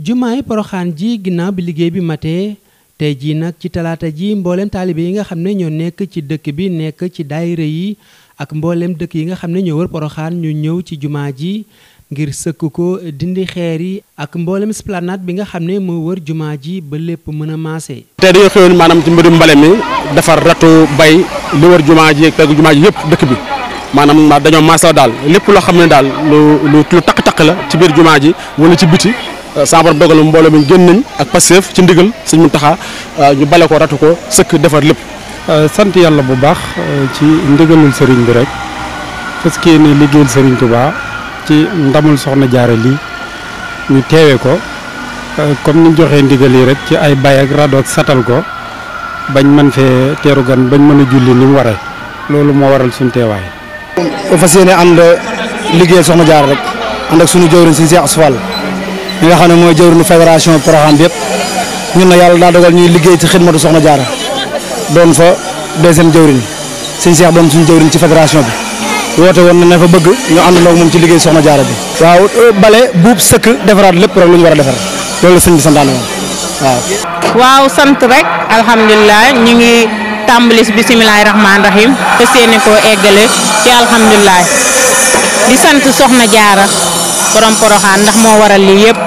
jumaay poroxaan ji ginnaaw bi liggéey bi matee tey jii nag ci talaata ji mboolem taalibe yi nga xam ne ñoo nekk ci dëkk bi nekk ci daayira yi ak mboolem dëkk yi nga xam ne ñoo wër poroxaan ñu ñëw ci jumaa ji ngir sëkk ko dindi xeer yi ak mboolem esplanade bi nga xam ne moo wër jumaa ji ba lépp mën a maase. tey dañoo xëyoon maanaam ci mbirum mbale mi defar ratu bay li wër jumaa ji ak tegu jumaa ji yëpp dëkk bi maanaam dañoo maasaw daal lépp loo xam ne daal lu takk-takk la ci biir jumaa ji wala ci biti. sa borom dogal mbooloo mi génn nañ ak Pastef ci ndigal Sëñ taxa euh, ñu bale ko ratu ko sëkk defar lépp. Euh, sant yàlla bu baax euh, ci ndigalul sëriñ bi rek fas yéene liggéeyal sëriñ Touba ci ndamul soxna jaare li ñu teewe ko comme ni joxee ndigal yi rek ci ay bay ak rado ak satal ko bañ mën fee teeru gan bañ mën a julli ni mu waree loolu moo waral suñ teewaay. fas yéene ànd liggéeyal soxna jaare rek ànd ak suñu jëwriñ si Cheikh Asfal ñi nga xam ne mooy jëwriñu fédération Porokhane bi yëpp ñun na yàlla daa dogal ñuy liggéey ci xidmatu soxna jaara doon fa deuxième jëwriñ sëñ Cheikh doon suñu jëwriñ ci fédération bi woote woon na fa bëgg ñu ànd àndandoo moom ci liggéey soxna jaara bi waaw bale buub sëkk defaraat lépp rek luñ war a defar loolu la sëñ bi santaane woon waaw waaw sant rek alhamdulilah ñu ngi tàmbalis bisimilahi rahmaani rahim te seeni koo eggale ci alhamdulilah borom poroxaan ndax moo waral lii yëpp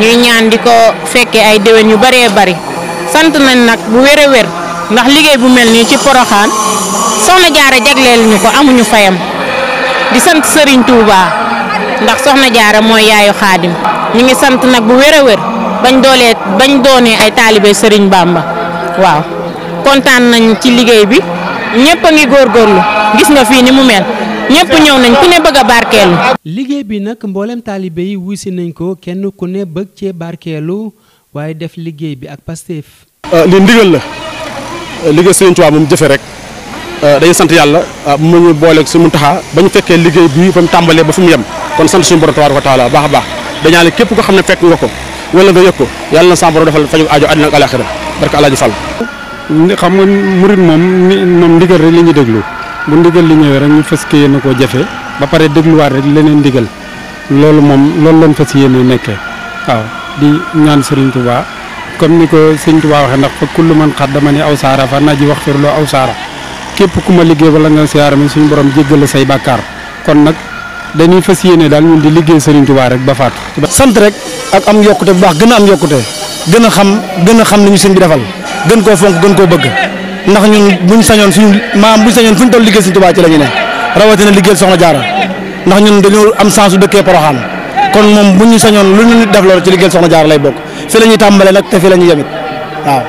ñuy ñaan di ko fekkee ay déwén yu baree bëri sant nañ nag bu wér a ndax liggéey bu mel nii ci poroxaan soxna jaara jagleel ñu ko amuñu fayam di sant sëriñ tuubaa ndax soxna jaara mooy yaayu xaadim ñu ngi sant nag bu wér wér bañ doolee bañ doonee ay taalibe Serigne Bamba waaw kontaan nañ ci liggéey bi ñëpp a ngi góorgóorlu gis nga fii ni mu mel. ñëpp ñëw nañ ku ne bëgg a barkeelu. liggéey bi nag mboolem taalibe yi wuy si nañ ko kenn ku ne bëgg cee barkeelu waaye def liggéey bi ak Pastef. Ah, li ndigal la ah, liggéey Sëriñ Tuubaa moom jëfe rek ah, dañu sant yàlla mu ñu booleeg mu taxaa ba fekkee liggéey bi fa mu tàmbalee ba fi mu yem kon sant suñu borom tabaaraka wa taala baax baax dañaa ne képp ko xam ne fekk nga ko wala nga yëg ko yàlla na sa borom defal faju aajo àddina ak alaaxira barka Alaaji Fall xam nga murit moom moom ndigal rek la ñu déglu bu ndigal li ñëwee rek ñu fas na koo jafe ba pare dégluwaat rek leneen ndigal loolu moom loolu lañ fas yéene nekke waaw di ñaan Serigne tubaa comme ni ko Serigne Touba waxe ndax fa kullu man xat dama ne aw saara fa naaj ji wax firloo aw saara képp ku ma liggéey wala nga siyaara mi suñu borom jéggal say bàkkaar kon nag dañuy fas yéene daal ñun di liggéey Serigne tubaa rek ba faatu. sant rek ak am yokkute bu baax gën a am yokkute gën a xam gën a xam ni ñu sëñ defal gën koo fonk gën koo bëgg. ndax ñun buñ sañoon suñu maam buñ sañoon fu ñu toll liggéey Sëñ Tuubaa ci la ñu ne rawatina liggéey Soxna Jaara ndax ñun dañoo am chance su dëkkee Poroxaan kon moom bu ñu sañoon lu ñu def loolu ci liggéey Soxna Jaara lay bokk fi la ñuy tàmbalee nag te fi la ñuy yemit waaw.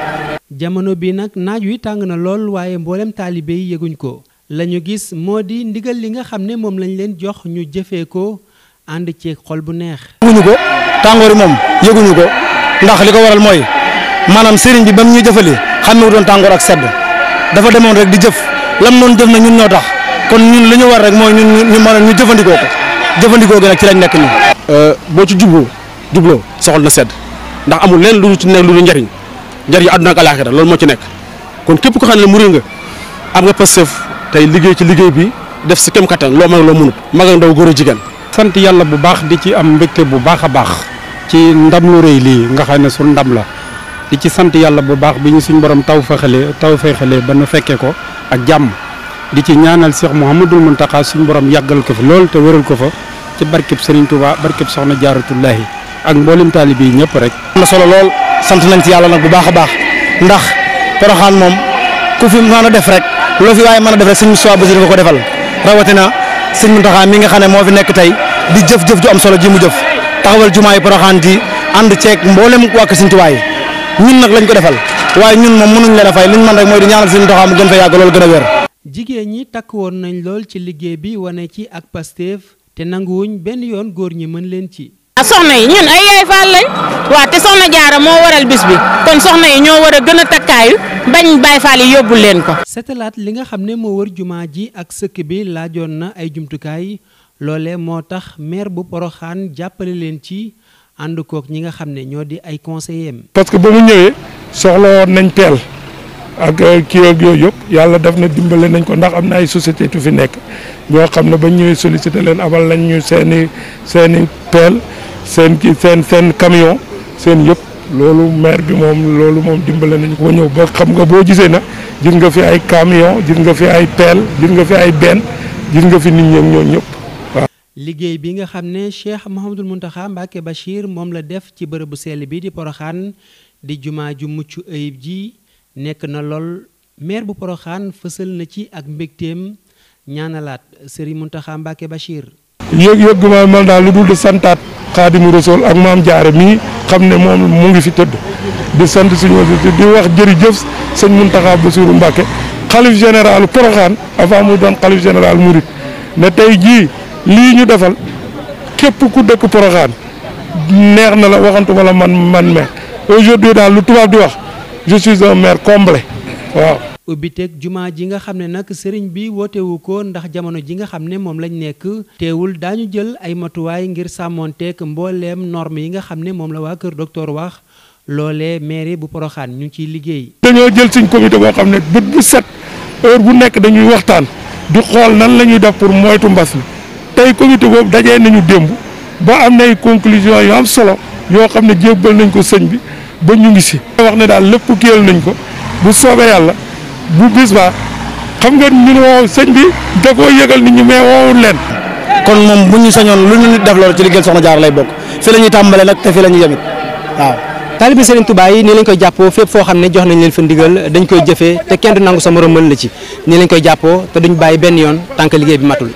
jamono bi nag naaj wi tàng na lool waaye mboolem taalibe yi yëguñ ko la ñu gis moo di ndigal li nga xam ne moom lañ leen jox ñu jëfee ko ànd ci xol bu neex. yëguñu ko tàngoori moom yëguñu ko ndax li ko waral mooy maanaam sëriñ bi ba mu ñu jëfalee xam ne doon tàngoor ak sedd dafa demoon rek di jëf lam noonu jëf na ñun ñoo tax kon ñun li ñu war rek mooy ñun ñu maanaam ñu jëfandikoo ko jëfandikoo gi nag ci lañ nekk nii. Euh, boo ci jubloo jubloo soxal na sedd ndax amul leen lu ci nekk lu dul njariñ njariñ àdduna ak alaaxira loolu moo ci nekk kon képp ko xam ne murid nga am nga Pastef tey liggéey ci liggéey bi def si kem kattan loo mag loo mënut mag ak ndaw góor a jigéen. sant yàlla bu baax di ci am mbégte bu baax a baax ci ndam lu r lii nga xam ne suñu ndam la. di ci sant yàlla bu baax bi ñu suñ borom taw fexalee taw fexalee ba nu fekkee ko ak jàmm di ci ñaanal Cheikh Mouhamadul Mountakha suñ borom yàggal ko fi lool te wëral ko fa ci barkeb Serigne Touba barkeb Soxna Jaaratullaahi ak mboolem taalibe yi ñëpp rek. am solo lool sant nañ ci yàlla nag bu baax a baax ndax Porokhane moom ku fi mën a def rek loo fi waaye mën a def rek sëñ Moustapha Bassirou nga ko defal rawatina sëñ Mountakha mi nga xam ne moo fi nekk tey di jëf jëf ju am solo ji mu jëf taxawal jumaa yi Porokhane ji ànd ceeg mboolem wàkk sëñ Tuubaa yi ñun nag lañ ko defal waaye ñun moom mënuñ leen fay liñ man rek mooy di ñaanal suñu doxaam mu gën fa yàgg loolu gën a jigéen ñi takk woon nañ lool ci liggéey bi wane ci ak Pastef te nanguwuñ benn yoon góor ñi mën leen ci. Ah, soxna yi ñun ay yaay faal lañ waa te soxna jaara moo waral bis bi kon soxna yi ñoo war a gën a takkaayu bañ baay faal yi yóbbu leen ko. setelaat li nga xam ne moo war jumaa ji ak sëkk bi laajoon na ay jumtukaay loole moo tax maire bu Poroxaan jàppale leen ci. ànd kook ñi nga xam ne ñoo di ay conseillers parce que ba mu ñëwee soxla woon nañ teel ak euh, kii ak yooyu yëpp yàlla daf na dimbale nañ ko ndax am na ay société tu fi nekk ñoo xam ne ba ñëwee sollicité leen abal lañ ñu seeni seen i peel seen kii seen seen camion seen yëpp loolu maire bi moom loolu moom dimbale nañu ko ñëw ba xam nga boo gisee na gis nga fi ay camion gis nga fi ay peel gis nga fi ay benn gis nga fi nit ñi ñoo ñëpp liggéey bi nga xam ne Cheikh Mouhamadul Mountakha Mbacké Bachir moom la def ci bërëbu sell bi di poroxaan di jumaa ju mucc ayib ji nekk na lool maire bu poroxaan fësal na ci ak mbégteem ñaanalaat Serigne Mountakha Mbacké Bachir. yëg yëg gu ma mel daal lu dul di santaat xaadimu rasool ak maam jaare mii xam ne moom mu ngi fi tëdd di sant suñu di wax jërëjëf sëñ Mountakha Bassirou Mbacké xalif général poroxaan avant muy doon xalif général Mouride ne lii ñu defal képp ku dëkk Porokhane neex na la waxantuma la man man mais aujourd'hui daal lu tubaab di wax je suis un maire comblé waaw. ubbiteeg jumaa ji nga xam ne nag sëriñ bi wootewu ko ndax jamono ji nga xam ne moom lañ nekk teewul daañu jël ay matuwaay ngir sàmmoon sàmmonteeg mbooleem norme yi nga xam ne moom la waa kër docteur wax loolee mairie bu Porokhane ñu ngi ciy liggéey. dañoo jël suñ comité boo xam ne bët bu set heure bu nekk dañuy waxtaan di xool nan la ñuy def pour moytu mbas mi tey comité boobu dajee nañu démb ba am nay conclusion yu am solo yoo xam ne jébbal nañ ko sëñ bi ba ñu ngi si. wax ne daal lépp kiyal nañ ko bu soobee yàlla bu bis ba xam nga bi da koo yëgal nit ñi mais woowul leen. kon moom bu ñu lu ñu nit def loolu ci jaar lay bokk fi la ñuy tàmbalee la ñuy yemit waaw. taalibi Serigne Touba yi nii koy jàppoo fépp foo xam ne jox nañ leen fa ndigal dañ koy jëfee te kenn du nangu sa morom mën la ci nii lañ koy jàppoo te duñ bàyyi benn yoon tànk que liggéey bi matul.